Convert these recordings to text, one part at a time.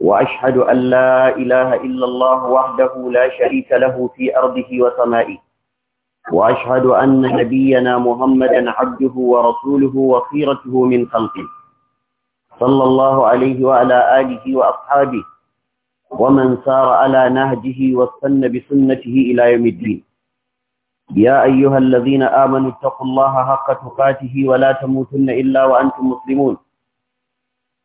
وأشهد أن لا إله إلا الله وحده لا شريك له في أرضه وسمائه وأشهد أن نبينا محمدا عبده ورسوله وخيرته من خلقه صلى الله عليه وعلى آله وأصحابه ومن سار على نهجه واستنى بسنته إلى يوم الدين يا أيها الذين آمنوا اتقوا الله حق تقاته ولا تموتن إلا وأنتم مسلمون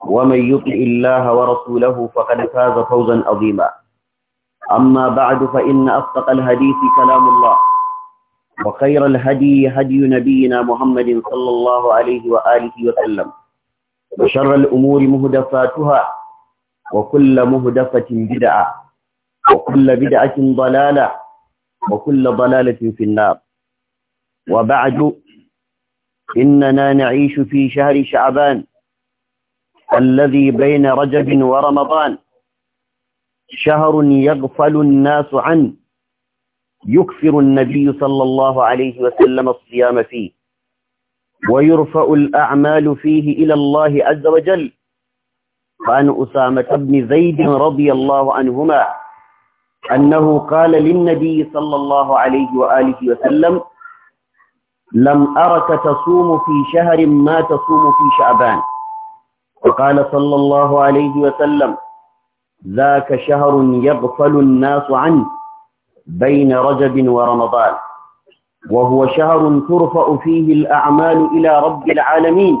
ومن يطع الله ورسوله فقد فاز فوزا عظيما أما بعد فإن أصدق الحديث كلام الله وخير الهدي هدي نبينا محمد صلى الله عليه وآله وسلم وشر الأمور مهدفاتها وكل مهدفة بدعة وكل بدعة ضلالة وكل ضلالة في النار وبعد إننا نعيش في شهر شعبان الذي بين رجب ورمضان شهر يغفل الناس عنه يكفر النبي صلى الله عليه وسلم الصيام فيه ويرفع الأعمال فيه إلى الله عز وجل فأن أسامة بن زيد رضي الله عنهما أنه قال للنبي صلى الله عليه وآله وسلم لم أرك تصوم في شهر ما تصوم في شعبان وقال صلى الله عليه وسلم ذاك شهر يغفل الناس عنه بين رجب ورمضان وهو شهر ترفع فيه الأعمال إلى رب العالمين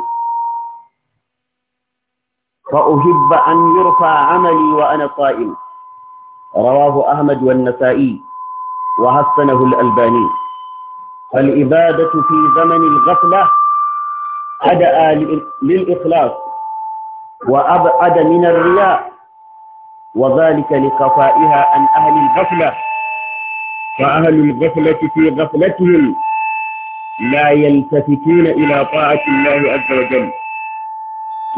فأحب أن يرفع عملي وأنا صائم رواه أحمد والنسائي وحسنه الألباني فالإبادة في زمن الغفلة أدأ للإخلاص وأبعد من الرياء وذلك لخفائها عن أهل الغفلة فأهل الغفلة في غفلتهم لا يلتفتون إلى طاعة الله عز وجل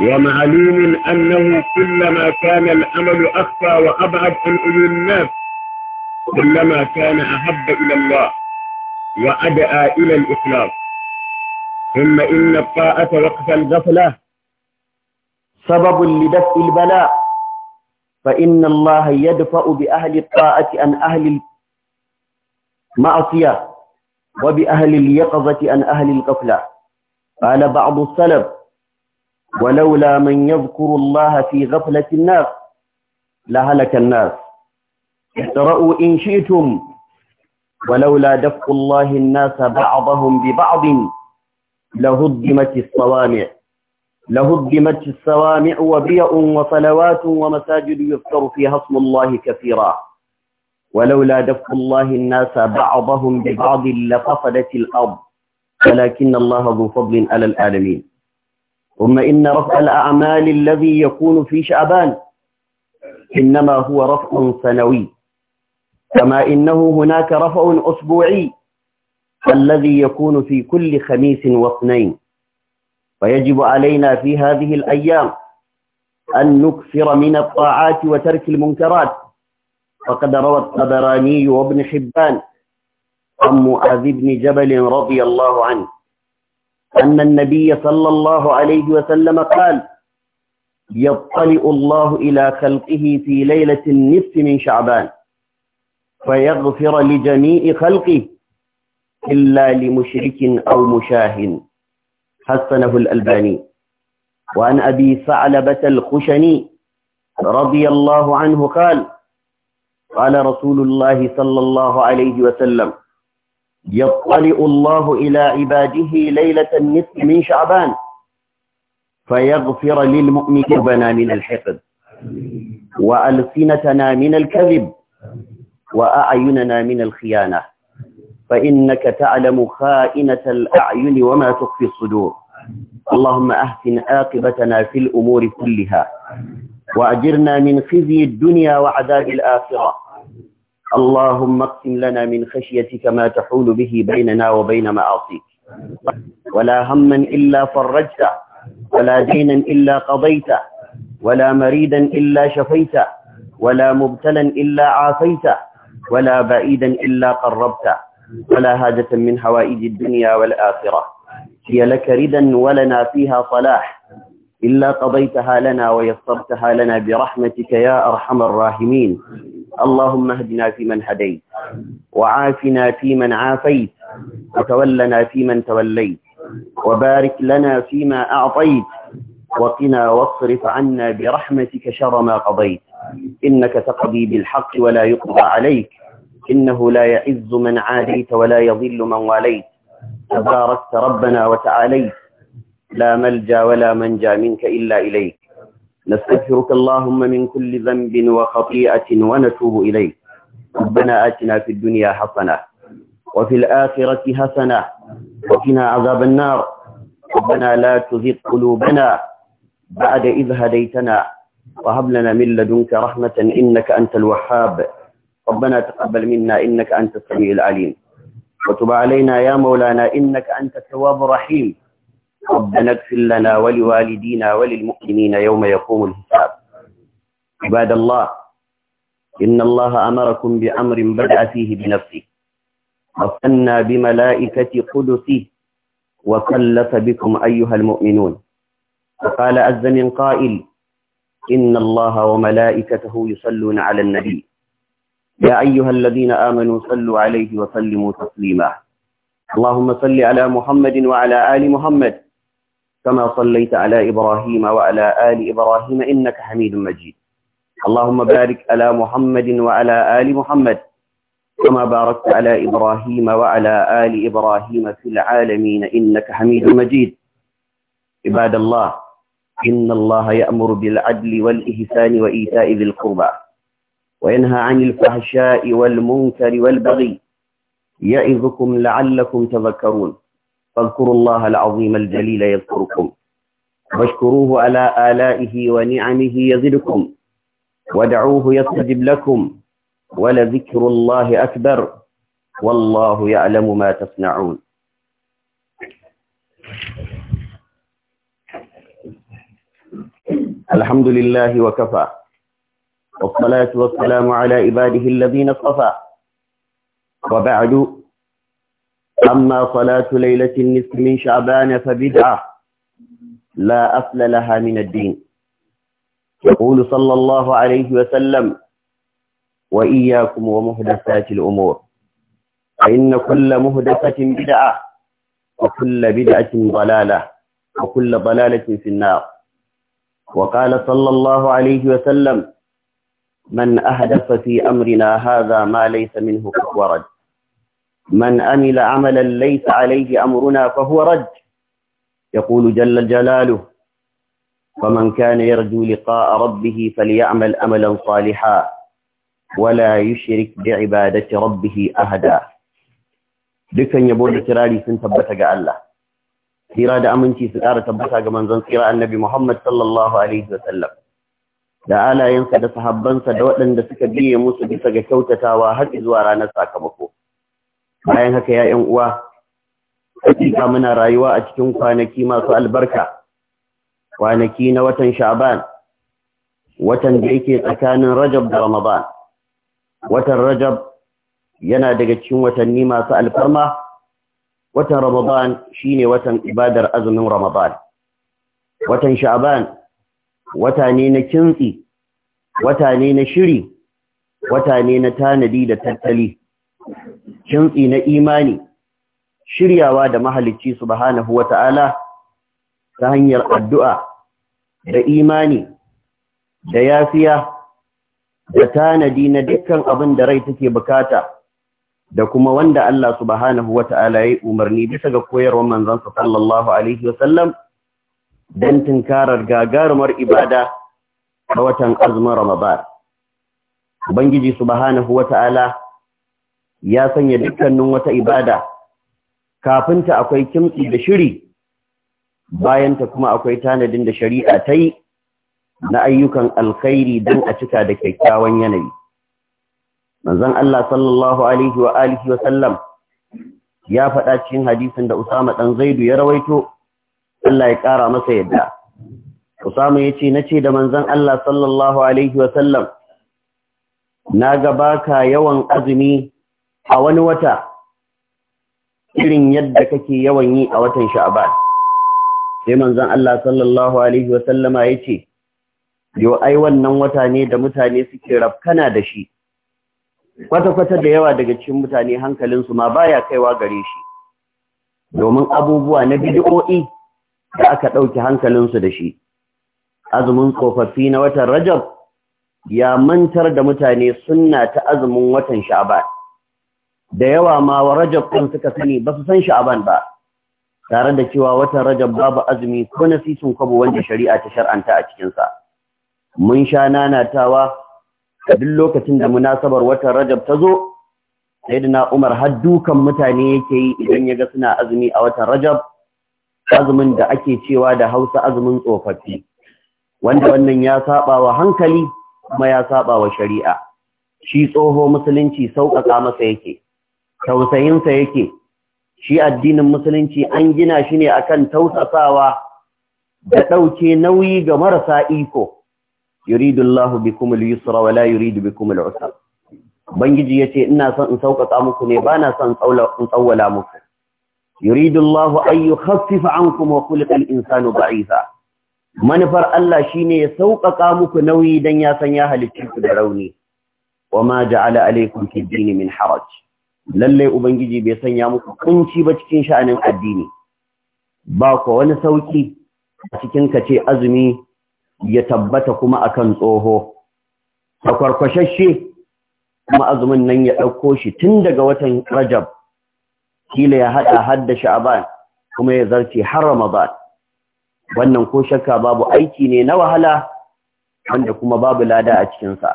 ومعلوم أنه كلما كان الأمل أخفى وأبعد عن أولي الناس كلما كان أحب إلى الله وأدعى إلى الإخلاص ثم إن الطاعة وقت الغفلة سبب لدفع البلاء فإن الله يدفع بأهل الطاعة عن أهل المعصية وبأهل اليقظة عن أهل القفلة قال بعض السلف ولولا من يذكر الله في غفلة الناس لهلك الناس احترأوا إن شئتم ولولا دفع الله الناس بعضهم ببعض لهدمت الصوامع لهدمت الصوامع وبيع وصلوات ومساجد يذكر فيها اسم الله كثيرا ولولا دفع الله الناس بعضهم ببعض لفصلت الأرض ولكن الله ذو فضل على العالمين ثم إن رفع الأعمال الذي يكون في شعبان إنما هو رفع سنوي كما إنه هناك رفع أسبوعي الذي يكون في كل خميس واثنين فيجب علينا في هذه الأيام أن نكثر من الطاعات وترك المنكرات فقد روى الطبراني وابن حبان عن معاذ بن جبل رضي الله عنه أن النبي صلى الله عليه وسلم قال يطلع الله إلى خلقه في ليلة النصف من شعبان فيغفر لجميع خلقه إلا لمشرك أو مشاهن حسنه الألباني وعن أبي ثعلبة الخشني رضي الله عنه قال قال رسول الله صلى الله عليه وسلم يطلع الله إلى عباده ليلة النصف من شعبان فيغفر للمؤمن قلوبنا من الحقد وألسنتنا من الكذب وأعيننا من الخيانة فإنك تعلم خائنة الأعين وما تخفي الصدور اللهم أحسن عاقبتنا في الأمور كلها وأجرنا من خزي الدنيا وعذاب الآخرة اللهم اقسم لنا من خشيتك ما تحول به بيننا وبين معاصيك ولا هما إلا فرجته ولا دينا إلا قضيته ولا مريدا إلا شفيته ولا مبتلا إلا عافيته ولا بعيدا إلا قربته ولا هاجة من هوائج الدنيا والآخرة هي لك ردا ولنا فيها صلاح إلا قضيتها لنا ويسرتها لنا برحمتك يا أرحم الراحمين اللهم اهدنا فيمن هديت وعافنا فيمن عافيت وتولنا فيمن توليت وبارك لنا فيما أعطيت وقنا واصرف عنا برحمتك شر ما قضيت إنك تقضي بالحق ولا يقضى عليك إنه لا يعز من عاديت ولا يضل من واليت تباركت ربنا وتعاليت لا ملجا ولا منجا منك إلا إليك نستغفرك اللهم من كل ذنب وخطيئة ونتوب إليك ربنا آتنا في الدنيا حسنة وفي الآخرة حسنة وقنا عذاب النار ربنا لا تزغ قلوبنا بعد إذ هديتنا وهب لنا من لدنك رحمة إنك أنت الوهاب ربنا تقبل منا إنك أنت السميع العليم وتب علينا يا مولانا إنك أنت التواب الرحيم ربنا اغفر لنا ولوالدينا وللمؤمنين يوم يقوم الحساب عباد الله إن الله أمركم بأمر بدأ فيه بنفسه وثنى بملائكة قدسه وكلف بكم أيها المؤمنون فقال عز من قائل إن الله وملائكته يصلون على النبي يا أيها الذين آمنوا صلوا عليه وسلموا تسليما اللهم صل على محمد وعلى آل محمد كما صليت على إبراهيم وعلى آل إبراهيم إنك حميد مجيد اللهم بارك على محمد وعلى آل محمد كما باركت على إبراهيم وعلى آل إبراهيم في العالمين إنك حميد مجيد عباد الله إن الله يأمر بالعدل والإحسان وإيتاء ذي القربى وينهى عن الفحشاء والمنكر والبغي يعظكم لعلكم تذكرون فاذكروا الله العظيم الجليل يذكركم واشكروه على آلائه ونعمه يزدكم ودعوه يستجب لكم ولذكر الله أكبر والله يعلم ما تصنعون الحمد لله وكفى والصلاة والسلام على عباده الذين اصطفى وبعد أما صلاة ليلة النصف من شعبان فبدعة لا أصل لها من الدين يقول صلى الله عليه وسلم وإياكم ومهدسات الأمور فإن كل مهدسة بدعة وكل بدعة ضلالة وكل ضلالة في النار وقال صلى الله عليه وسلم من أهدف في أمرنا هذا ما ليس منه فهو رد من أمل عملا ليس عليه أمرنا فهو رد يقول جل جلاله فمن كان يرجو لقاء ربه فليعمل أملا صالحا ولا يشرك بعبادة ربه أهدا لكن yabo da kirari sun tabbata سيراد أمنتي tsira da aminci su النبي محمد صلى الله عليه وسلم da alayensa da sahabbansa da waɗanda suka biye musu bisa ga kyautatawa har zuwa ranar sakamako bayan haka ya 'yan uwa hakika muna rayuwa a cikin kwanaki masu albarka kwanaki na watan sha'ban watan da yake tsakanin rajab da ramadan watan rajab yana daga cikin watanni masu alfarma watan ramadan shine watan ibadar azumin ramadan watan Sha'aban. wata ne na kintsi wata ne na shiri wata ne na tanadi da tattali kintsi na imani shiryawa da mahalicci subhanahu wata'ala ta hanyar addu'a da imani da yafiya da tanadi na dukkan abin da rai take bukata da kuma wanda Allah subhanahu wata'ala ya umarni bisa ga koyarwar manzansa sallallahu alaihi wasallam don tunkarar gagarumar ibada a watan azumin Ramadan. Ubangiji subhanahu wata'ala ya sanya dukkanin wata ibada kafinta akwai kimtsi da shiri bayan ta kuma akwai tanadin da shari'a ta yi na ayyukan alkhairi don a cika da kyakkyawan yanayi. Manzon Allah sallallahu alaihi wa alihi ya faɗa cikin hadisin da Usama ɗan Zaidu ya rawaito Allah ya ƙara masa yadda Usama ya ce na da manzan Allah sallallahu Alaihi wasallam na gabaka yawan azumi a wani wata irin yadda kake yawan yi a watan sha'aba sai manzan Allah sallallahu Alaihi wasallama ya ce yau ai wannan wata ne da mutane suke rafkana da shi kwata-kwata da yawa daga cikin mutane hankalinsu ma baya kaiwa gare shi domin abubuwa na bidi'o'i da aka ɗauki hankalinsu da shi azumin tsofaffi na watan rajab ya mantar da mutane suna ta azumin watan sha'ban da yawa ma wa rajab ɗin suka sani ba su san Sha'aban ba tare da cewa watan rajab babu azumi ko na sisin kwabo wanda shari'a ta shar'anta a cikinsa mun sha nanatawa a duk lokacin da munasabar watan rajab ta zo sai na umar har dukan mutane yake yi idan ya ga suna azumi a watan rajab azumin da ake cewa da hausa azumin tsofaffi wanda wannan ya saba wa hankali kuma ya saba wa shari'a shi tsoho musulunci sauƙaƙa masa yake tausayinsa yake shi addinin musulunci an gina shi ne akan tausasawa da ɗauke nauyi ga marasa iko yuridullahu bikum al-yusra wa la yuridu bikum al-usra bangiji yace ina son in sauƙaƙa muku ne bana son in tsawwala muku yuridu Allah an yukhaffifa ankum wa khuliqa al-insanu manufar Allah shine ya sauƙaƙa muku nauyi dan ya sanya ya halicci da rauni wama ja'ala alaykum fid din min haraj Lallai ubangiji bai sanya muku kunci ba cikin sha'anin addini ba ko wani sauki a cikin kace azumi ya tabbata kuma akan tsoho a kwarkwashashe kuma azumin nan ya ɗauko shi tun daga watan Rajab kila ya hada hadda sha'ban kuma ya zarce har ramadan wannan ko shakka babu aiki ne na wahala wanda kuma babu lada a cikin sa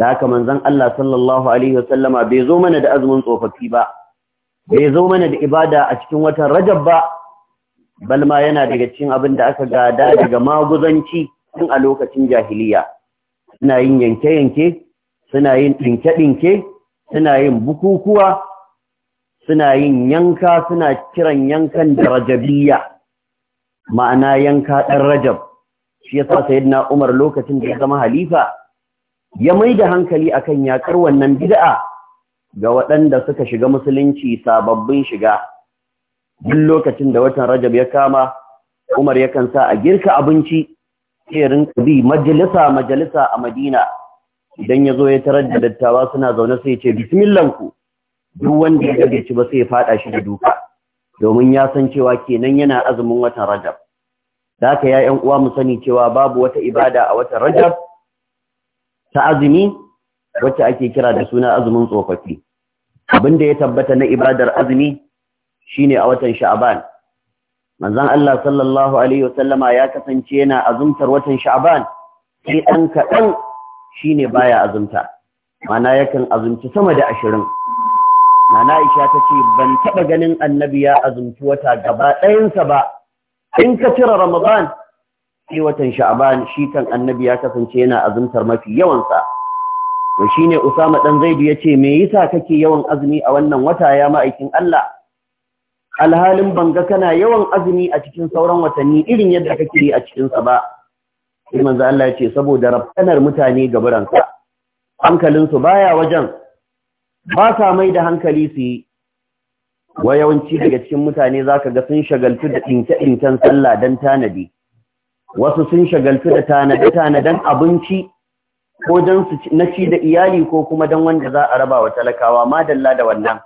da haka manzon Allah sallallahu alaihi wasallama bai zo mana da azumin tsofaffi ba bai zo mana da ibada a cikin watan rajab ba balma yana daga cikin abin da aka gada daga maguzanci tun a lokacin jahiliya suna yin yanke-yanke suna yin dinke-dinke, suna yin bukukuwa suna yin yanka suna kiran yankan da rajabiya, ma'ana yanka ɗan rajab shi yasa sayyidina Umar lokacin da ya zama halifa ya mai da hankali akan yakar wannan bid'a ga waɗanda suka shiga musulunci sababbin shiga duk lokacin da watan rajab ya kama Umar yakan sa a girka abinci sai rinka bi majalisa majalisa a Madina idan ya zo ya tarar da dattawa suna zaune sai ya ce bismillah duk wanda ya gabe ba sai ya fada shi da duka domin ya san cewa kenan yana azumin watan Rajab da haka ya ƴan uwa mu sani cewa babu wata ibada a watan Rajab ta azumi wacce ake kira da suna azumin tsofaffi abinda ya tabbata na ibadar azumi shine a watan Sha'ban manzon Allah sallallahu alaihi wasallama ya kasance yana azumtar watan Sha'ban sai dan kadan shine baya azumta mana yakan azumci sama da ashirin. nana Aisha ta ce ban taɓa ganin annabi ya azumci wata gaba ɗayansa ba in ka cire Ramadan sai watan Sha'aban shi kan annabi ya kasance yana azumtar mafi yawansa to shine Usama ɗan Zaidu ce me yasa kake yawan azumi a wannan wata ya ma'aikin Allah alhalin banga kana yawan azumi a cikin sauran watanni irin yadda kake yi a cikin sa ba sai manzo Allah yace saboda rabtanar mutane gaburanka hankalinsu baya wajen ba sa mai da hankali su yi wa yawanci daga cikin mutane za ka ga sun shagaltu da ɗinke-ɗinken sallah don tanadi wasu sun shagaltu da tanade-tanaden abinci ko don su na ci da iyali ko kuma don wanda za a raba wa talakawa madalla da wannan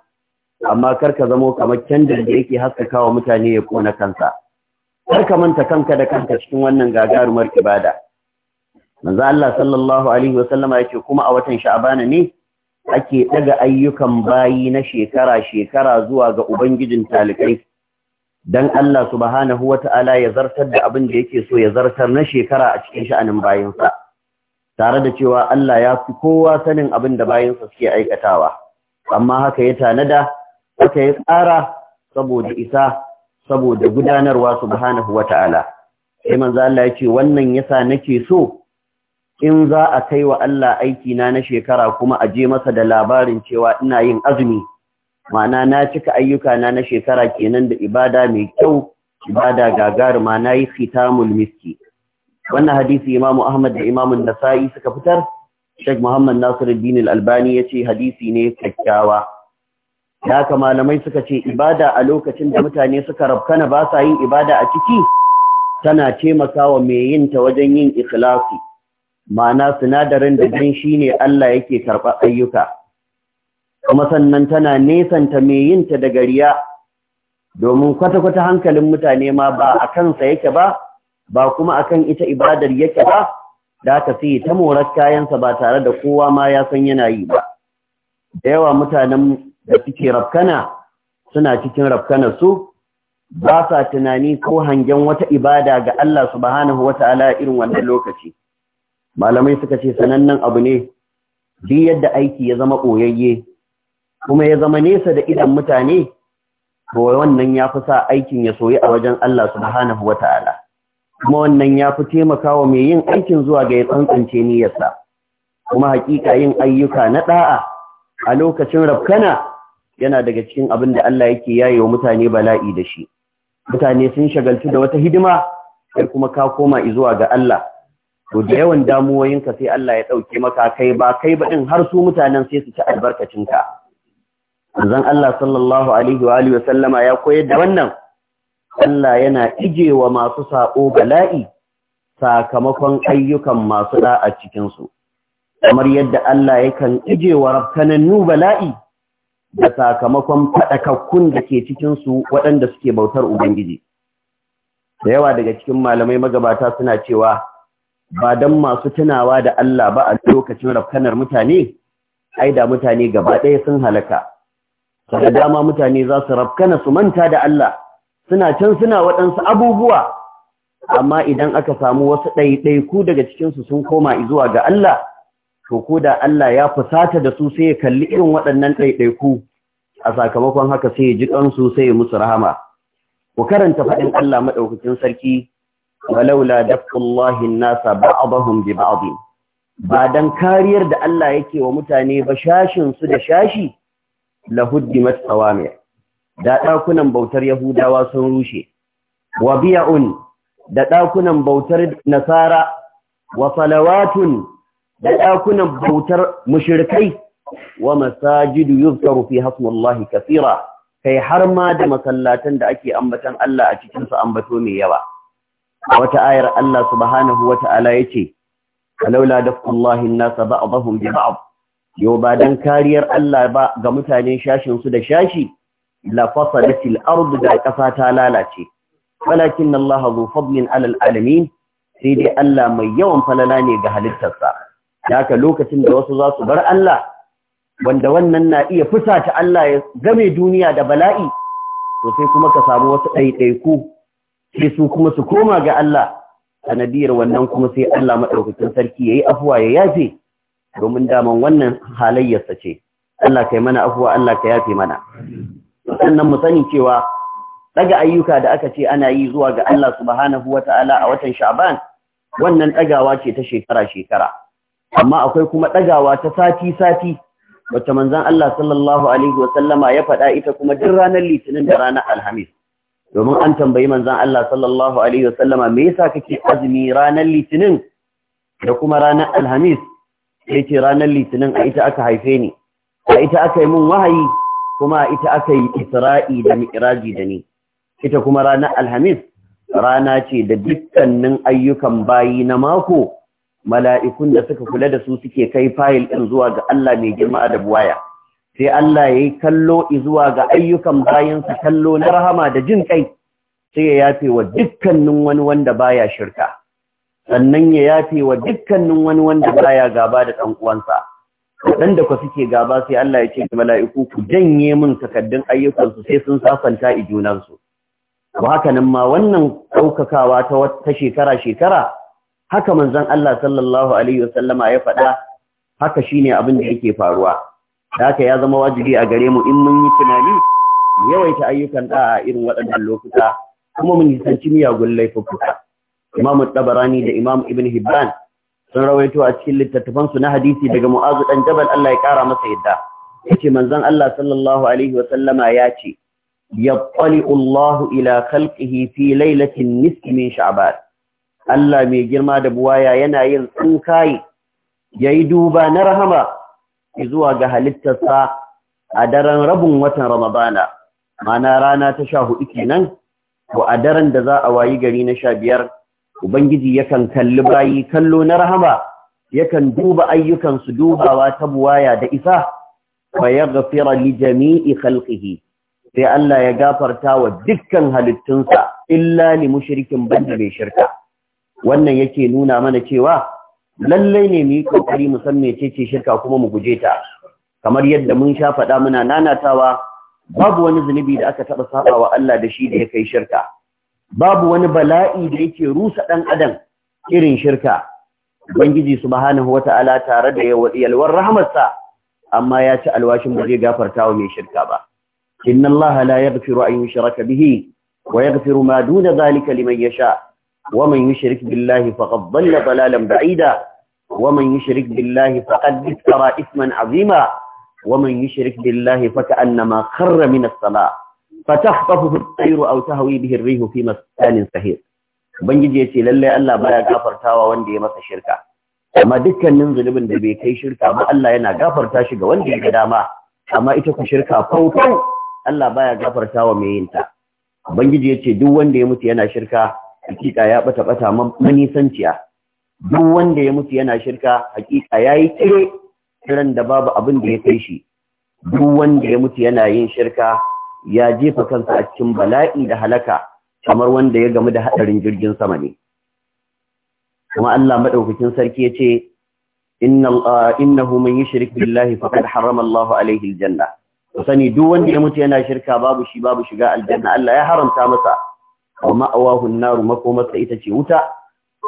amma kar ka zamo kamar candar da yake haskaka wa mutane ya kona kansa kar ka manta kanka da kanka cikin wannan gagarumar ibada manzo Allah sallallahu alaihi wasallama yake kuma a watan sha'bana ne ake ɗaga ayyukan bayi na shekara-shekara zuwa ga Ubangijin talikai, don Allah subhanahu wa ta'ala ya zartar da abin da yake so ya zartar na shekara a cikin sha'anin bayansa, tare da cewa Allah ya fi kowa sanin abin da bayansa suke aikatawa, amma haka ya tanada, haka ya tsara saboda isa, saboda gudanarwa subhanahu wa ta'ala. Sai manzo Allah ya ce, wannan yasa nake so in za a kai wa Allah aiki na na shekara kuma a je masa da labarin cewa ina yin azumi ma'ana na cika ayyuka na na shekara kenan da ibada mai kyau ibada gagaruma na yi khitamul miski wannan hadisi imamu ahmad da imamu nasa'i suka fitar Sheikh Muhammad Nasiru, Al-Albani ce hadisi ne kyakkyawa ya malamai suka ce ibada a lokacin da mutane suka rabkana ba sa yin ibada a ciki tana taimakawa mai yin ta wajen yin ikhlasi ma'ana sinadarin da jin shi ne Allah yake karɓar ayyuka kuma sannan tana nesanta mai yinta da gariya domin kwata-kwata hankalin mutane ma ba a kansa yake ba ba kuma akan ita ibadar yake ba da aka sai ta morar kayansa ba tare da kowa ma ya san yana yi ba da yawa mutanen da suke rafkana suna cikin rafkana su ba sa tunani ko hangen wata ibada ga Allah subhanahu Ala, irin wannan lokaci malamai suka ce sanannen abu ne bi yadda aiki ya zama ɓoyayye kuma ya zama nesa da idan mutane to wannan ya fi sa aikin ya soyi a wajen Allah subhanahu wa ta'ala kuma wannan ya fi taimakawa mai yin aikin zuwa ga ya tsantsance niyyarsa kuma hakika yin ayyuka na ɗa'a a lokacin rafkana yana daga cikin abin da Allah yake yaye wa mutane bala'i da shi mutane sun shagaltu da wata hidima sai kuma ka koma zuwa ga Allah to da yawan damuwoyinka sai Allah ya ɗauke maka kai ba kai ba ɗin har su mutanen sai su ci albarkacin ka. zan Allah sallallahu alaihi wa alihi wa sallama ya koyar da wannan Allah yana ijewa masu saƙo bala'i sakamakon ayyukan masu da'a cikin su kamar yadda Allah yakan ijewa rafkanannu bala'i da sakamakon faɗakakkun da ke cikinsu waɗanda suke bautar ubangiji da yawa daga cikin malamai magabata suna cewa ba don masu tunawa da Allah ba a lokacin rafkanar mutane ai da mutane gaba ɗaya sun halaka da dama mutane za su rafkana su manta da Allah suna can suna waɗansu abubuwa amma idan aka samu wasu ɗaiɗaiku daga cikinsu sun koma zuwa ga Allah to ko da Allah ya fusata da su sai ya kalli irin waɗannan ɗaiɗaiku a sakamakon haka sai ya ji ƙansu sai ya musu rahama ku karanta faɗin Allah maɗaukacin sarki walaula dafullahi nasa ba'dahum bi ba'd ba dan kariyar da Allah yake wa mutane ba shashin su da shashi lahuddimat sawami da dakunan bautar yahudawa sun rushe wa bi'un da dakunan bautar nasara wa salawatun da dakunan bautar mushrikai wa masajidu yuzkaru fi hasmullahi kaseera kai har ma da masallatan da ake ambatan Allah a cikin su ambato mai yawa a wata ayar Allah subhanahu wata'ala yace alaula dakullahi an-nasa ba'dahum bi ba'd yau ba dan kariyar Allah ba ga mutane shashinsu su da shashi la fasadatil ardu da kafa ta lalace falakin Allah zu fadlin alal sai dai Allah mai yawan falala ne ga halittarsa haka lokacin da wasu za su bar Allah wanda wannan na iya fusata Allah ya game duniya da bala'i to sai kuma ka samu wasu ɗaiɗaiku sai su kuma su koma ga Allah sanadiyar wannan kuma sai Allah maɗaukakin sarki ya yi afuwa ya yafe domin daman wannan halayyarsa ce Allah ka yi mana afuwa Allah ka yafe mana sannan mu sani cewa ɗaga ayyuka da aka ce ana yi zuwa ga Allah subhanahu wata'ala a watan Sha'ban wannan ɗagawa ce ta shekara shekara amma akwai kuma ɗagawa ta sati sati wacce manzon Allah sallallahu alaihi ya faɗa ita kuma duk ranar Litinin da ranar Alhamis domin an tambayi manzon Allah sallallahu alaihi wasallama me yasa kake azumi ranar litinin da kuma ranar alhamis ce ranar litinin a ita aka haife ni a ita aka yi mun wahayi kuma a ita aka yi isra'i da mi'raji da ni ita kuma ranar alhamis rana ce da dukkanin ayyukan bayi na mako mala'ikun da suka kula da su suke kai fayil ɗin zuwa ga Allah mai girma da buwaya sai Allah ya yi kallo izuwa ga ayyukan bayansa kallo na rahama da jin kai sai ya yafe wa dukkanin wani wanda baya shirka sannan ya yafe wa dukkanin wani wanda baya gaba da ɗan uwansa waɗanda ku suke gaba sai Allah ya ce ga mala'iku ku janye min takaddun ayyukansu sai sun safanta i junansu su haka nan ma wannan ɗaukakawa ta wata shekara shekara haka manzon Allah sallallahu alaihi wasallama ya faɗa haka shine abin da yake faruwa haka ya zama wajibi a gare mu in mun yi tunani mu yawaita ayyukan a irin waɗannan lokuta kuma mun nisanci miyagun laifuka Imam Tabarani da Imam Ibn Hibban sun rawaito a cikin littattafan su na hadisi daga Mu'azu dan Jabal Allah ya kara masa yadda yace manzon Allah sallallahu alaihi wa sallama ya ce yattali'u Allah ila khalqihi fi lailatin nisfi min sha'ban Allah mai girma da buwaya yana yin tsinkaye yayi duba na rahama zuwa ga halittarsa a daren rabin watan Ramadana, mana rana ta sha hudu kenan, ko a daren da za a wayi gari na sha biyar, Ubangiji yakan kalli bayi kallo na rahama, yakan duba ayyukansu dubawa ta buwaya da isa, fa ya gafira li jami'i khalqihi sai Allah ya gafarta wa dukkan halittunsa illa li mushrikin banda mai shirka. Wannan yake nuna mana cewa lallai ne mu yi kokari mu san mecece shirka kuma mu guje ta kamar yadda mun sha faɗa muna nanatawa babu wani zunubi da aka taɓa saba wa Allah da shi da ya kai shirka babu wani bala'i da yake rusa ɗan adam irin shirka ubangiji subhanahu wata'ala tare da yalwar rahmarsa amma ya ci alwashin ba zai gafarta wa mai shirka ba inna Allah la yaghfiru an yushraka bihi wa yaghfiru ma duna zalika liman yasha' ومن يشرك بالله فقد ضل ضلالا بعيدا ومن يشرك بالله فقد ذكر إثما عظيما ومن يشرك بالله فكأنما خر من الصلاة فتخطفه الطير أو تهوي به الريح في مسكان سهير ubangiji yace lalle Allah baya gafartawa wanda ya masa shirka amma dukkanin zulubin da bai kai shirka ba Allah yana gafarta shi ga wanda ya dama amma ita ku shirka fautau Allah baya gafartawa mai yinta. Bangiji ubangiji yace duk wanda ya mutu yana shirka hakika ya bata bata manisanciya duk wanda ya mutu yana shirka hakika yayi kire kiran da babu abin da ya kai shi duk wanda ya mutu yana yin shirka ya jefa kansa a cikin bala'i da halaka kamar wanda ya gamu da hadarin jirgin sama ne kuma Allah madaukakin sarki yace ah, innahu man yushrik billahi faqad harrama Allahu alaihi aljanna sani duk wanda ya mutu yana shirka babu shi babu shiga aljanna Allah ya haramta masa wa ma'awahu an-nar makomarsa ita ce wuta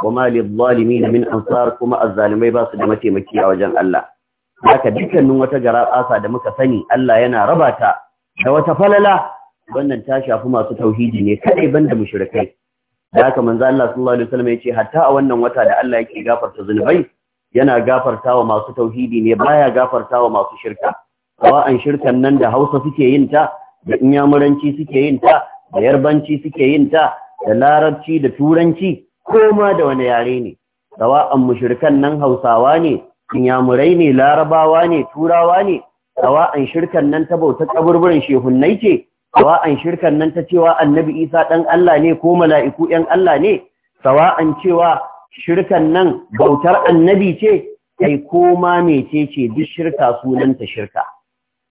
wa ma lidh-dhalimin min ansar kuma az-zalimai ba su da mataimaki a wajen Allah haka dukkanin wata garabasa da muka sani Allah yana raba ta da wata falala wannan ta shafi masu tauhidi ne kadai banda mushrikai da haka manzo Allah sallallahu alaihi wasallam ya ce hatta a wannan wata da Allah yake gafarta zunubai yana gafarta wa masu tauhidi ne baya gafarta wa masu shirka sawa'an shirkan nan da Hausa suke yin ta da Inyamuranci suke yin ta da yarbanci suke yin ta da larabci da turanci ko ma da wani yare ne an mushrikan nan hausawa ne inyamurai ne larabawa ne turawa ne an shirkan nan ta bauta kaburburin shehunnai ce an shirkan nan ta cewa annabi isa ɗan allah ne ko mala'iku ‘yan allah ne an cewa shirkan nan bautar annabi ce kai koma mecece ce duk shirka sunanta shirka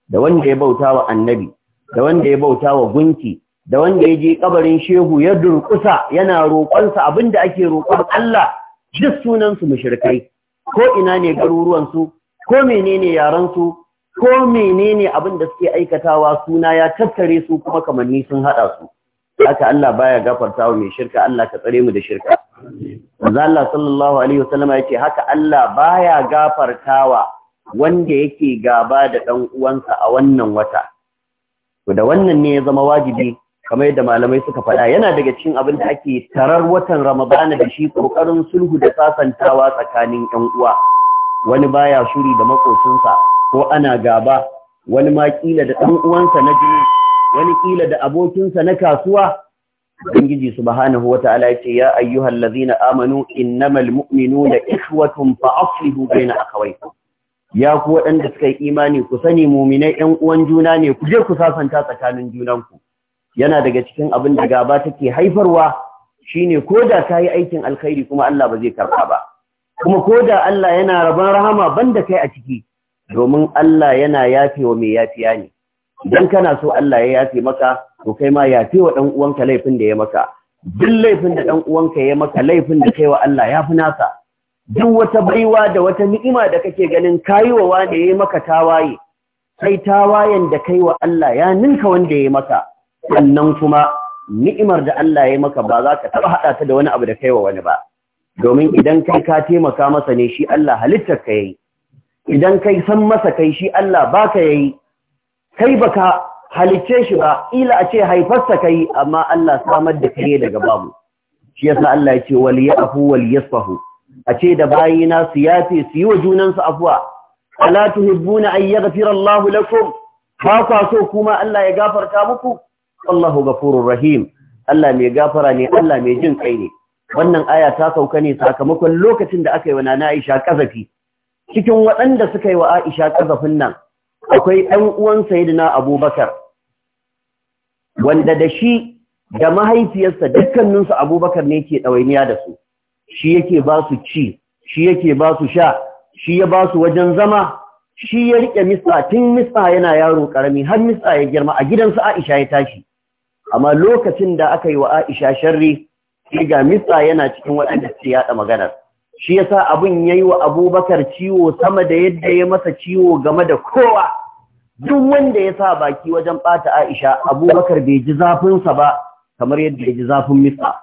da wanda ya bauta wa annabi da wanda ya bauta wa gunki da wanda ya je kabarin shehu ya durƙusa, yana roƙonsa abinda ake roƙon Allah duk sunansu mushrikai ko ina ne garuruwansu ko menene yarensu ko menene abin da suke aikatawa suna ya tattare su kuma kamanni sun haɗa su haka Allah baya gafarta wa mai shirka Allah ka tsare mu da shirka manzo Allah sallallahu alaihi wasallam yace haka Allah baya gafartawa wanda yake gaba da dan uwansa a wannan wata to da wannan ne ya zama wajibi kamar yadda malamai suka faɗa yana daga cikin abin da ake tarar watan ramadana da shi kokarin sulhu da sasantawa tsakanin yan uwa wani baya shiri da makocinsa ko ana gaba wani ma kila da ɗan uwansa na jini wani kila da abokinsa na kasuwa ubangiji subhanahu ta'ala yace ya ayyuhal ladhina amanu innamal mu'minuna ikhwatun fa aslihu baina akhawaykum ya ku waɗanda suka yi imani ku sani muminai ƴan uwan juna ne ku je ku sasanta tsakanin junanku yana daga cikin abin da gaba take haifarwa shine ko da ka yi aikin alkhairi kuma Allah ba zai karɓa ba kuma ko da Allah yana rabon rahama banda kai a ciki domin Allah yana yafe wa mai yafiya ne idan kana so Allah ya yafe maka to kai ma yafe wa dan uwanka laifin da ya maka duk laifin da dan uwanka ya maka laifin da kai wa Allah ya fi nasa duk wata baiwa da wata ni'ima da kake ganin kayi wa wanda ya maka tawaye sai tawayen da kai wa Allah ya ninka wanda ya maka sannan kuma ni'imar da Allah ya maka ba za ka taɓa haɗa ta da wani abu da kai wa wani ba domin idan kai ka taimaka masa ne shi Allah halittar ka yi. idan kai san masa kai shi Allah baka yayi kai baka halicce shi ba ila a ce haifarsa yi, amma Allah samar da kai daga babu shi yasa Allah ya ce wal ya'fu wal yasfahu a ce da bayina su yafe su yi wa junansu afuwa ala tuhibbuna an yaghfira Allah lakum ba kwa so kuma Allah ya gafarta muku allahu ghafurur rahim Allah mai gafara ne Allah mai jin kai ne wannan aya ta sauka ne sakamakon lokacin da aka yi wa nana Aisha kazafi cikin waɗanda suka yi wa Aisha kazafin nan akwai ɗan uwan Sayyidina Abubakar wanda da shi da mahaifiyarsa dukkaninsu Abubakar ne ke ɗawainiya da su shi yake ba su ci shi yake ba su sha shi ya ba su wajen zama shi ya rike misa tun misa yana yaro ƙarami har misa ya girma a gidansu Aisha ya tashi amma lokacin da aka yi wa Aisha sharri sai ga Misa yana cikin waɗanda suke yaɗa maganar shi yasa abun yayi wa Abubakar ciwo sama da yadda ya masa ciwo game da kowa duk wanda ya sa baki wajen bata Aisha Abubakar bai ji zafin sa ba kamar yadda ya ji zafin Misa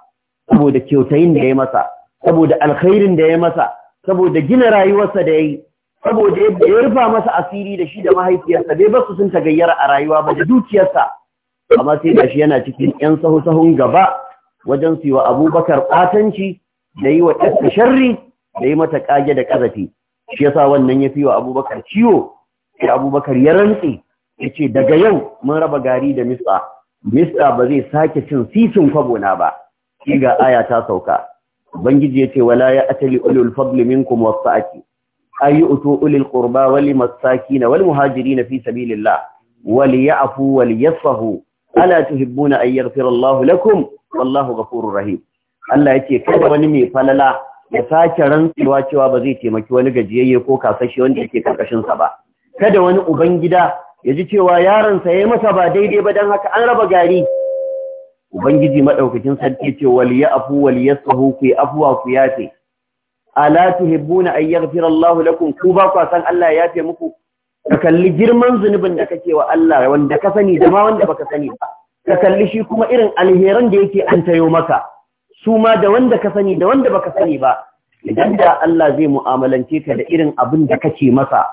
saboda kyautayin da ya masa saboda alkhairin da ya masa saboda gina rayuwarsa da yayi saboda yadda ya rufa masa asiri da shi da mahaifiyarsa bai basu sun tagayyara a rayuwa ba da dukiyarsa amma sai shi yana cikin yan sahu sahun gaba wajen su wa abubakar ɓatanci da yi wa ɗasta sharri da yi mata ƙage da ƙazafi shi yasa wannan ya fi wa abubakar ciwo sai abubakar ya rantse ya ce daga yau mun raba gari da mista mista ba zai sake cin sisin kwabo na ba shi ga aya ta sauka ubangiji ya ce wala ya atali ulul fadli minkum wasa'ati ayi utu ulil qurba wal masakin wal muhajirin fi sabilillah wal ya'fu wal yasfahu ala tuhibbuna an yaghfira Allahu lakum wallahu ghafurur rahim Allah yake kada wani mai falala ya sake rantsuwa cewa ba zai taimaki wani gajiyayye ko kasashe wanda yake karkashin sa ba kada wani ubangida ya ji cewa yaron ya yi masa ba daidai ba don haka an raba gari ubangiji madaukakin sarki ce wal ya'fu wal yasfahu ku afwa ku yafe ala tuhibbuna an yaghfira Allahu lakum ku ba ku san Allah ya yafe muku ka kalli girman zunubin da kake wa Allah wanda ka sani da ma wanda baka sani ba ka kalli shi kuma irin alheran da yake an tayo maka su ma da wanda ka sani da wanda baka sani ba idan da Allah zai mu'amalance ka da irin abin da kake masa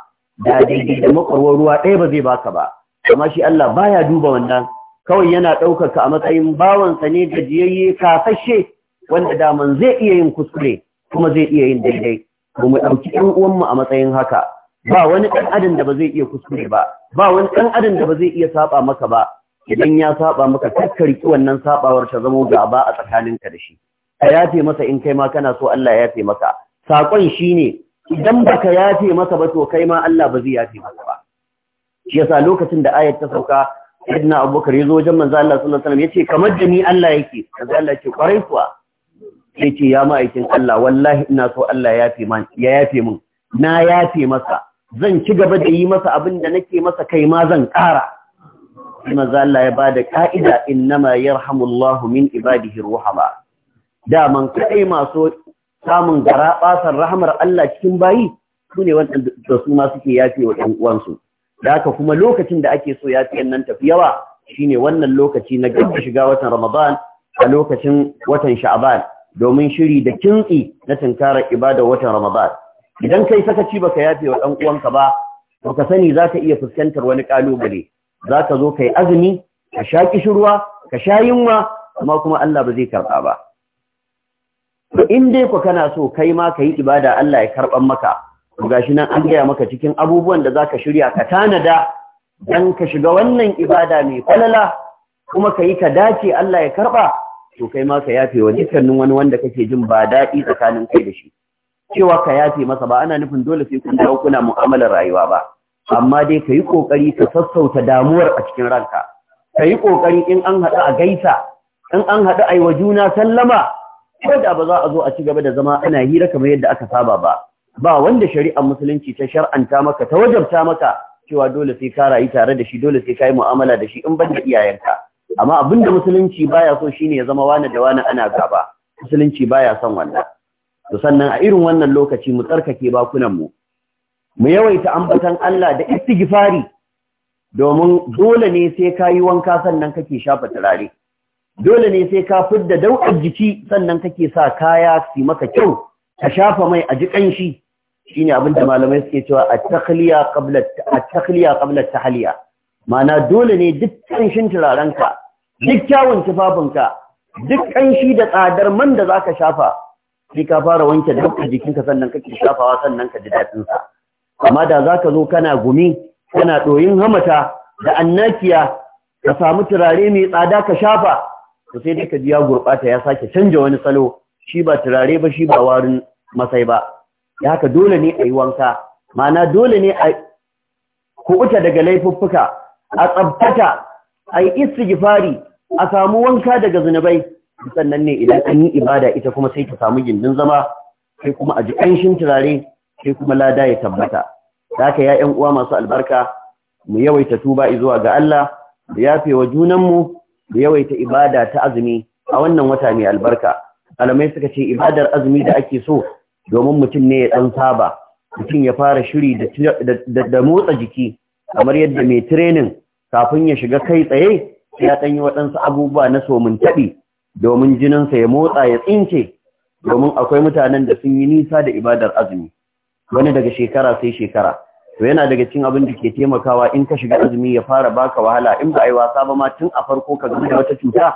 da daidai da makwarwar ruwa ɗaya ba zai baka ba amma shi Allah baya duba wannan kawai yana ɗaukar ka a matsayin bawansa ne da "ka kasashe wanda daman zai iya yin kuskure kuma zai iya yin daidai ba mu ɗauki ɗan uwanmu a matsayin haka ba wani ɗan adam da ba zai iya kuskure ba ba wani ɗan adam da ba zai iya saba maka ba idan ya saba maka kakkar ki, wannan sabawar ta zama gaba a tsakaninka da shi ka yafe masa in kai ma kana so Allah ya yafe maka sakon shine idan baka yafe masa ba to kai ma Allah ba zai yafe maka ba shi yasa lokacin da ayat ta sauka Sayyidina Abubakar yazo wajen manzo Allah sallallahu alaihi wasallam yace kamar da ni Allah yake manzo Allah yake kwarai kuwa yace ya ma'aikin Allah wallahi ina so Allah ya yafe man ya yafe mun na yafe masa zan ci gaba da yi masa abin da nake masa kai ma zan ƙara maza Allah ya bada ka'ida innama yarhamullahu min ibadihi ruhama daman kai masu samun gara rahmar Allah cikin bayi Sune wanda su ma suke yafe wa ɗan uwansu da haka kuma lokacin da ake so yafiyan nan tafi yawa shine wannan lokaci na gaba shiga watan Ramadan a lokacin watan Sha'ban domin shiri da kintsi na tunkarar ibada watan Ramadan idan kai sakaci baka yafe wa dan uwanka ba to ka sani zaka iya fuskantar wani kalubale zaka zo kai azumi ka sha kishirwa ka sha yunwa amma kuma Allah ba zai karba ba in dai ku kana so kai ma kai ibada Allah ya karban maka to gashi nan an gaya maka cikin abubuwan da zaka shirya ka tanada dan ka shiga wannan ibada mai falala kuma kai ka dace Allah ya karba to kai ma ka yafe wa dukkanin wani wanda kake jin ba daɗi tsakanin kai da shi cewa ka yafe masa ba ana nufin dole sai kun dawo kuna mu'amalar rayuwa ba amma dai ka yi ƙoƙari ka sassauta damuwar a cikin ranka ka yi ƙoƙari in an haɗu a gaisa in an haɗu a yi wa juna sallama ko da ba za a zo a ci gaba da zama ana hira kamar yadda aka saba ba ba wanda shari'ar musulunci ta shar'anta maka ta wajabta maka cewa dole sai ka rayu tare da shi dole sai ka yi mu'amala da shi in ban da iyayenka amma abinda da musulunci baya so shine ya zama wani da wani ana gaba musulunci baya son wannan to sannan a irin wannan lokaci mu tsarkake bakunanmu mu mu yawaita ambatan Allah da istighfari domin dole ne sai ka yi wanka sannan kake shafa turare dole ne sai ka fidda dau'ar jiki sannan kake sa kaya su maka kyau ka shafa mai a ji kanshi shine abin da malamai suke cewa a takhliya qabla at-takhliya qabla tahliya ma'ana dole ne duk kanshin turarenka duk kyawun ka duk ƙanshi da tsadar man da za shafa sai ka fara wanke dukkan jikinka sannan kake shafawa sannan ka ji daɗin sa amma da ka zo kana gumi kana doyin hamata da annakiya ka samu turare mai tsada ka shafa to sai dai ka ji ya gurɓata ya sake canja wani salo shi ba turare ba shi ba warin masai ba Ya haka dole ne a yi wanka ma'ana dole ne a kuɓuta daga laifuffuka a tsabtata a yi istighfari a samu wanka daga zunubai sannan ne idan an yi ibada ita kuma sai ta samu gindin zama sai kuma a ji ƙanshin turare sai kuma lada ya tabbata da haka ya uwa masu albarka mu yawaita tuba zuwa ga Allah da yafe wa junanmu da yawaita ibada ta azumi a wannan wata mai albarka alamai suka ce ibadar azumi da ake so domin mutum ne ya dan saba mutum ya fara shiri da motsa jiki kamar yadda mai training kafin ya shiga kai tsaye ya ɗanyi waɗansu abubuwa na somin taɓi domin jininsa ya motsa ya tsince domin akwai mutanen da sun yi nisa da ibadar azumi wani daga shekara sai shekara to yana daga cikin abin da ke taimakawa in ka shiga azumi ya fara baka wahala in ba a yi wasa ba ma tun a farko ka gama da wata cuta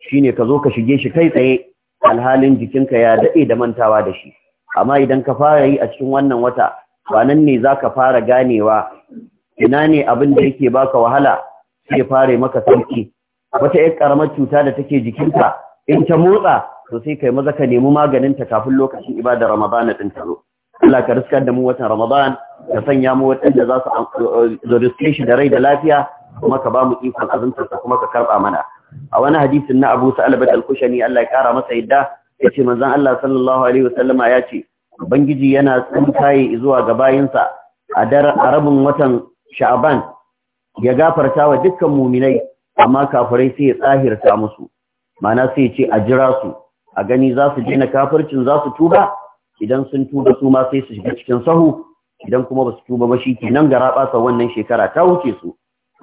shine ka zo ka shige shi kai tsaye alhalin jikinka ya daɗe da mantawa da shi amma idan ka fara yi a cikin wannan wata kwanan ne za ka fara ganewa ina ne abin da yake baka wahala sai ya fara maka sauki wata yar karamar cuta da take jikinka in ta motsa to sai kai maza ka nemi maganin ta kafin lokacin ibadar Ramadan din ta zo Allah ka riskar da mu watan Ramadan ka sanya mu wadanda za su riske shi da rai da lafiya kuma ka ba mu ikon azumtar kuma ka karba mana a wani hadisin na Abu Sa'albat al-Kushani Allah ya ƙara masa yadda yace manzon Allah sallallahu alaihi wasallama ce, ubangiji yana tsinkaye zuwa ga bayinsa a rabin watan Sha'ban ya gafarta wa dukkan muminai amma kafirai sai ya tsahirta musu mana sai ce a jira su a gani za su daina kafircin za su tuba idan sun tuba su ma sai su shiga cikin sahu idan kuma ba su tuba ba shi kenan gara ɓasa wannan shekara ta wuce su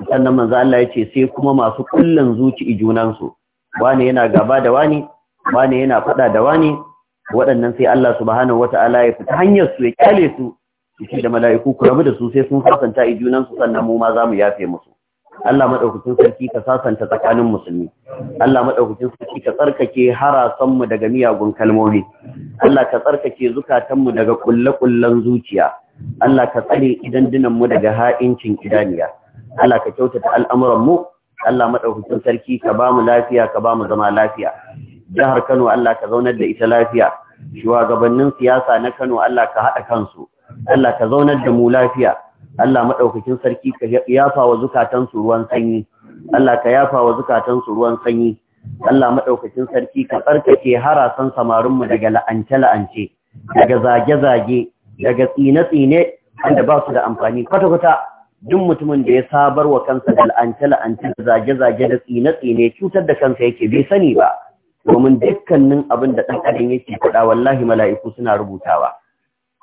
sannan manzo Allah ya ce sai kuma masu kullun zuci junansu wani yana gaba da wani wani yana faɗa da wani waɗannan sai Allah subhanahu wataala ya fita hanyar su ya kyale su shi da mala'iku ku da su sai sun fasanta junansu sannan mu ma za mu yafe musu Allah maɗaukakin sarki ka sasanta tsakanin musulmi Allah maɗaukakin sarki ka tsarkake harasanmu daga miyagun kalmomi Allah ka tsarkake zukatan mu daga ƙulle-kullen zuciya Allah ka tsare idan mu daga ha'incin idaniya Allah ka kyautata al'amuran mu Allah madaukakin sarki ka ba mu lafiya ka ba mu zama lafiya jihar Kano Allah ka zaunar da ita lafiya shugabannin siyasa na Kano Allah ka haɗa kansu Allah ka zaunar da mu lafiya Allah maɗaukakin sarki ka yafa wa zukatansu ruwan sanyi Allah ka yafa wa zukatansu ruwan sanyi Allah maɗaukakin sarki ka tsarkake harasan samarin mu daga la'ance-la'ance daga zage-zage daga tsine-tsine wanda ba su da amfani kwata-kwata duk mutumin da ya sabar wa kansa da la'ance-la'ance da zage-zage da tsine-tsine cutar da kansa yake bai sani ba domin dukkanin abin da ɗan adam yake faɗa wallahi mala'iku suna rubutawa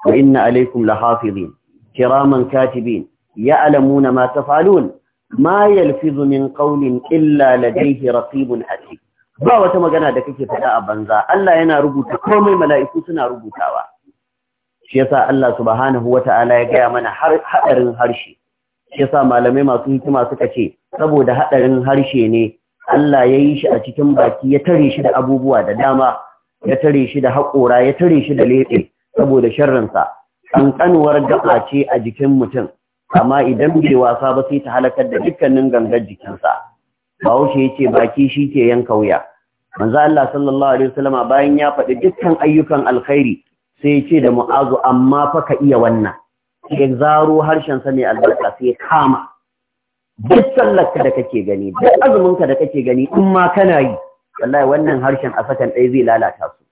wa inna alaikum lahafizin كراما katibin يعلمون ما تفعلون ما يلفظ من قول illa لديه رقيب ce. ba wata magana da kake fada a banza Allah yana rubuta komai mala'iku suna rubutawa shi yasa Allah subhanahu wata'ala ya gaya mana har hadarin harshe shi yasa malamai masu hikima suka ce saboda hadarin harshe ne Allah ya yi shi a cikin baki ya tare shi da abubuwa da dama ya tare shi da hakora ya tare shi da lebe saboda sharrinsa ƙanƙanuwar gaba ce a jikin mutum amma idan bai wasa ba sai ta halakar da dukkanin gangar jikinsa bahaushe ya ce baki shi ke yanka wuya manzo Allah sallallahu alaihi wasallama bayan ya faɗi dukkan ayyukan alkhairi sai ya ce da mu'azu amma fa ka iya wannan ya zaro harshen sa ne albarka sai ya kama duk sallarka da kake gani duk azuminka da kake gani in ma kana yi wallahi wannan harshen a sakan ɗaya zai lalata su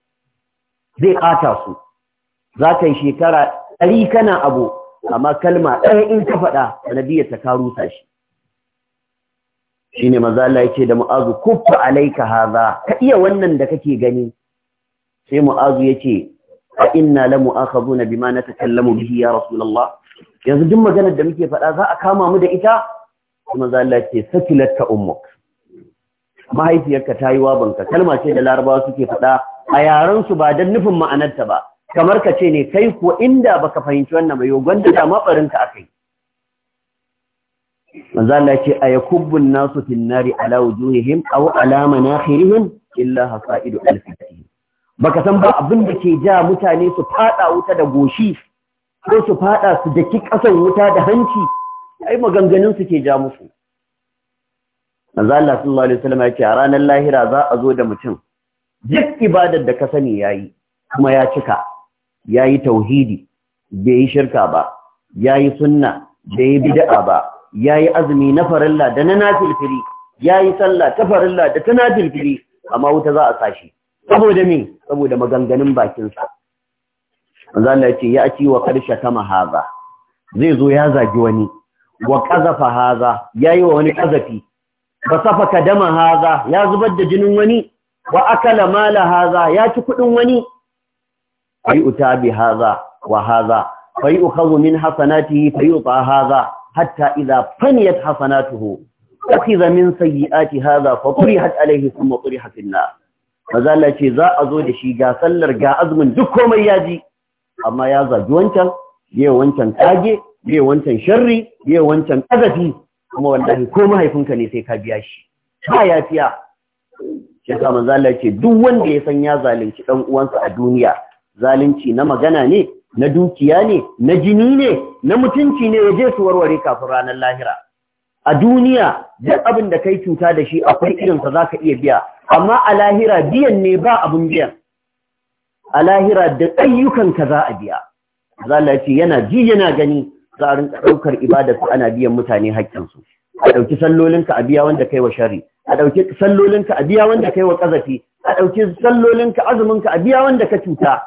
zai ƙata su za ka yi shekara ɗari kana abu amma kalma ɗaya in ka faɗa sanadiyar ta karu ta shi shi ne maza Allah da mu'azu kuffa alaika haza ka iya wannan da kake gani sai mu'azu ya ce a inna la mu'akhazuna bima natakallamu bihi ya rasulullah yanzu duk maganar da muke faɗa za a kama mu da ita kuma za Allah ce sakilat ummuk mahaifiyarka ta yi wabanka kalma ce da larabawa suke faɗa a yaran su ba dan nufin ma'anarta ba kamar ka ce ne kai ko inda baka fahimci wannan mai, yogon da da barin ka akai manzo Allah ce ayakubbu nasu fil nari ala wujuhihim aw ala manakhirihim illa hasaidu alfitih baka san ba abin da ke ja mutane su fada wuta da goshi ko su fada su daki kasan wuta da hanci ai maganganun su ke ja musu manzo Allah sallallahu alaihi wasallam ya ce a ranar lahira za a zo da mutum duk ibadar da ka sani yayi kuma ya cika ya yi tauhidi bai yi shirka ba ya yi sunna bai yi bida'a ba ya yi azumi na farilla da na nafilfiri ya yi sallah ta farilla da ta nafilfiri amma wuta za a sashi saboda me saboda maganganun bakinsa manzo ya ce ya ci wa karsha kama haza zai zo ya zagi wani wa qazafa haza yi wa wani qazafi fa safa dama haza ya zubar da jinin wani wa akala mala haza ya ci kuɗin wani فيؤتى بهذا وهذا فيؤخذ من حسناته فيعطى هذا حتى hatta iza حسناته أخذ من سيئات هذا فطرحت عليه ثم طرح في النار maza Allah ce za a zo da shi ga sallar ga azumin duk komai ya ji amma ya zagi wancan ya wancan kage ya wancan sharri ya wancan kazafi kuma wallahi ko mahaifinka ne sai ka biya shi ba fiya? shi sa manzo ce duk wanda ya san ya zalunci dan uwansa a duniya zalunci na magana ne na dukiya ne na jini ne na mutunci ne waje su warware kafin ranar lahira a duniya duk abin da kai cuta da shi akwai irin za zaka iya biya amma a lahira biyan ne ba abin biyan a lahira da ayyukanka za a biya Zalaci yana ji yana gani za a rinka ɗaukar ibadarsu ana biyan mutane su. a sallolin ka a biya wanda kai wa shari a sallolin ka a biya wanda kai wa ƙazafi a ka azumin ka a biya wanda ka cuta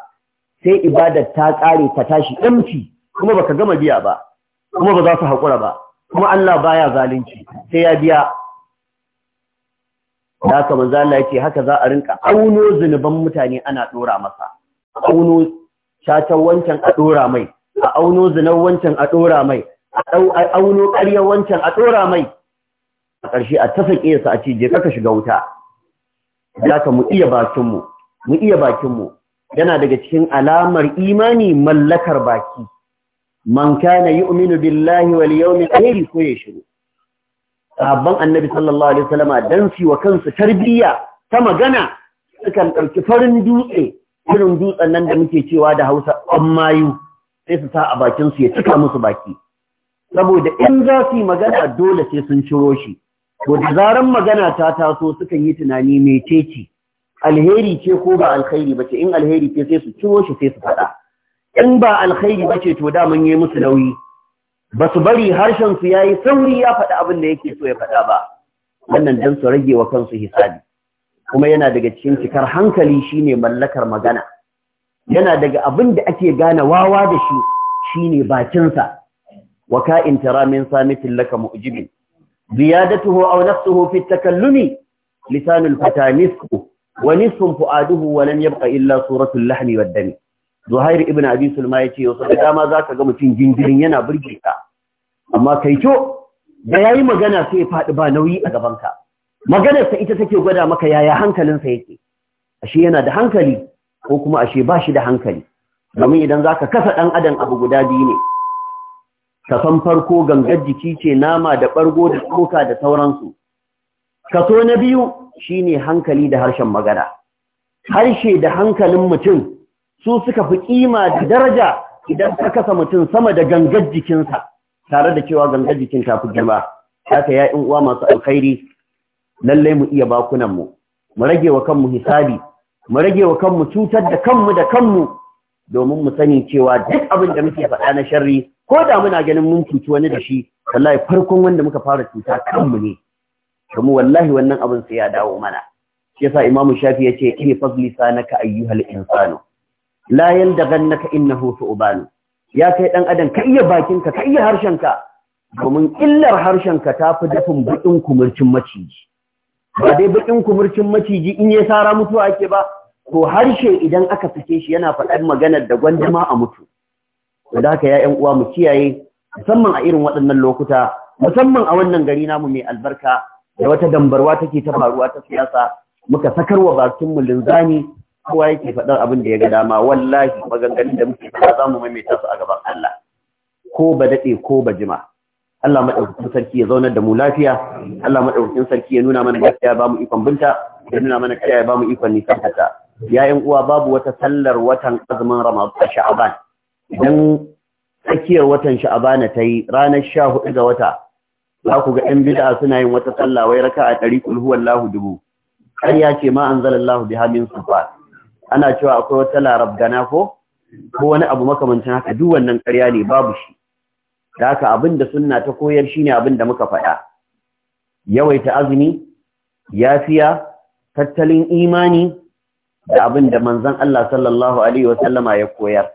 sai ibadar ta ƙare ta tashi ɗamci kuma baka gama biya ba kuma ba za su haƙura ba kuma Allah baya zalunci sai ya biya da kama manzo Allah yake haka za a rinka auno zunuban mutane ana dora masa auno shatan wancan a dora mai a auno zunan wancan a dora mai a auno ƙarya wancan a dora mai a ƙarshe a tafake sa a ce je ka shiga wuta da haka mu iya bakin mu mu iya bakin mu yana daga cikin alamar imani mallakar baki man kana yu'minu billahi wal yawmil akhir ko ya shiru sahabban annabi sallallahu alaihi wasallama dan fi wa kansu tarbiyya ta magana sukan ɗauki farin dutse irin dutsen nan da muke cewa da Hausa an mayu sai su sa a bakin su ya cika musu baki saboda in za su yi magana dole sai sun ciro shi to da zaran magana ta taso sukan yi tunani mecece alheri ce ko ba alheri ba ce in alheri ce sai su ciwo shi sai su faɗa in ba alheri ba ce to da mun yi musu nauyi ba su bari harshen su yayi sauri ya faɗi abin da yake so ya faɗa ba wannan dan su rage wa kansu hisabi kuma yana daga cikin cikar hankali shine mallakar magana yana daga abin da ake gane wawa da shi shine bakinsa wa in tara min samitin laka mu'jibin ziyadatuhu aw nafsuhu fi takallumi lisanul fata wa nisfun duhu wa lam yabqa illa suratul Lahani wad dami zuhair ibn abi sulma yace yau sai dama zaka ga mutum jinjirin yana burge ka amma kai to da yayi magana sai ya fadi ba nauyi a gaban ka ita take gwada maka yaya hankalinsa yake ashe yana da hankali ko kuma ashe ba shi da hankali domin idan zaka kasa dan adam abu guda biyu ne kafan farko gangar jiki ce nama da bargo da tsoka da sauransu kaso na biyu shine hankali da harshen magana harshe da hankalin mutum su suka fi kima da daraja idan ka kasa mutum sama da gangar jikinsa tare da cewa gangar jikin ta fi girma haka ya yi uwa masu alkhairi lallai mu iya bakunanmu mu mu rage wa kanmu hisabi mu rage wa kanmu cutar da kanmu da kanmu domin mu sani cewa duk abin da muke faɗa na sharri ko da muna ganin mun cuci wani da shi wallahi farkon wanda muka fara cuta kanmu ne kuma wallahi wannan abin sai ya dawo mana shi yasa imamu shafi ya ce ini fazli sanaka ayyuhal insanu la yaldagannaka innahu su'banu ya kai dan adam ka iya bakinka ka iya harshenka domin illar harshenka ta fi dafin bakin kumurcin maciji ba dai bakin kumurcin maciji in ya sara mutuwa ake ba ko harshe idan aka fice shi yana faɗar maganar da gwandama a mutu da haka ya 'yan uwa mu kiyaye musamman a irin waɗannan lokuta musamman a wannan gari namu mai albarka da wata dambarwa take ta faruwa ta siyasa muka sakarwa bakin mu linzani kowa yake faɗar abin da ya ga dama wallahi maganganun da muke faɗa za mu maimaita su a gaban Allah ko ba daɗe ko ba jima Allah madaukakin sarki ya zaunar da mu lafiya Allah madaukakin sarki ya nuna mana gaskiya ba mu ikon binta ya nuna mana kaya ba mu ikon nisan ta ya uwa babu wata sallar watan azumin Ramadan Sha'aban idan tsakiyar watan Sha'aban ta yi ranar 14 ga wata za ku ga ‘yan bid'a suna yin wata sallah wai raka a ɗari kulhu wallahu dubu ya ce ma an zalallahu biha min sufa ana cewa akwai wata larab gana ko ko wani abu makamancin haka duk wannan ƙarya ne babu shi da haka abin da sunna ta koyar shine abin da muka faɗa yawaita azumi yafiya tattalin imani da abin da manzon Allah sallallahu alaihi wasallama ya koyar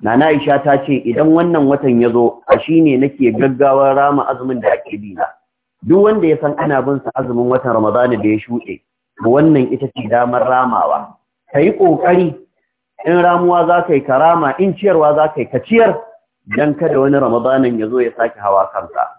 Nana Aisha ta ce idan wannan watan ya zo a shi ne nake gaggawa rama azumin da ake bi na. Duk wanda ya san ana bin sa azumin watan Ramadana da ya shuɗe, wannan ita ce damar ramawa. Ka yi ƙoƙari in ramuwa za ka yi ka rama in ciyarwa za ka yi ka ciyar don kada wani Ramadanan ya zo ya sake hawa kansa.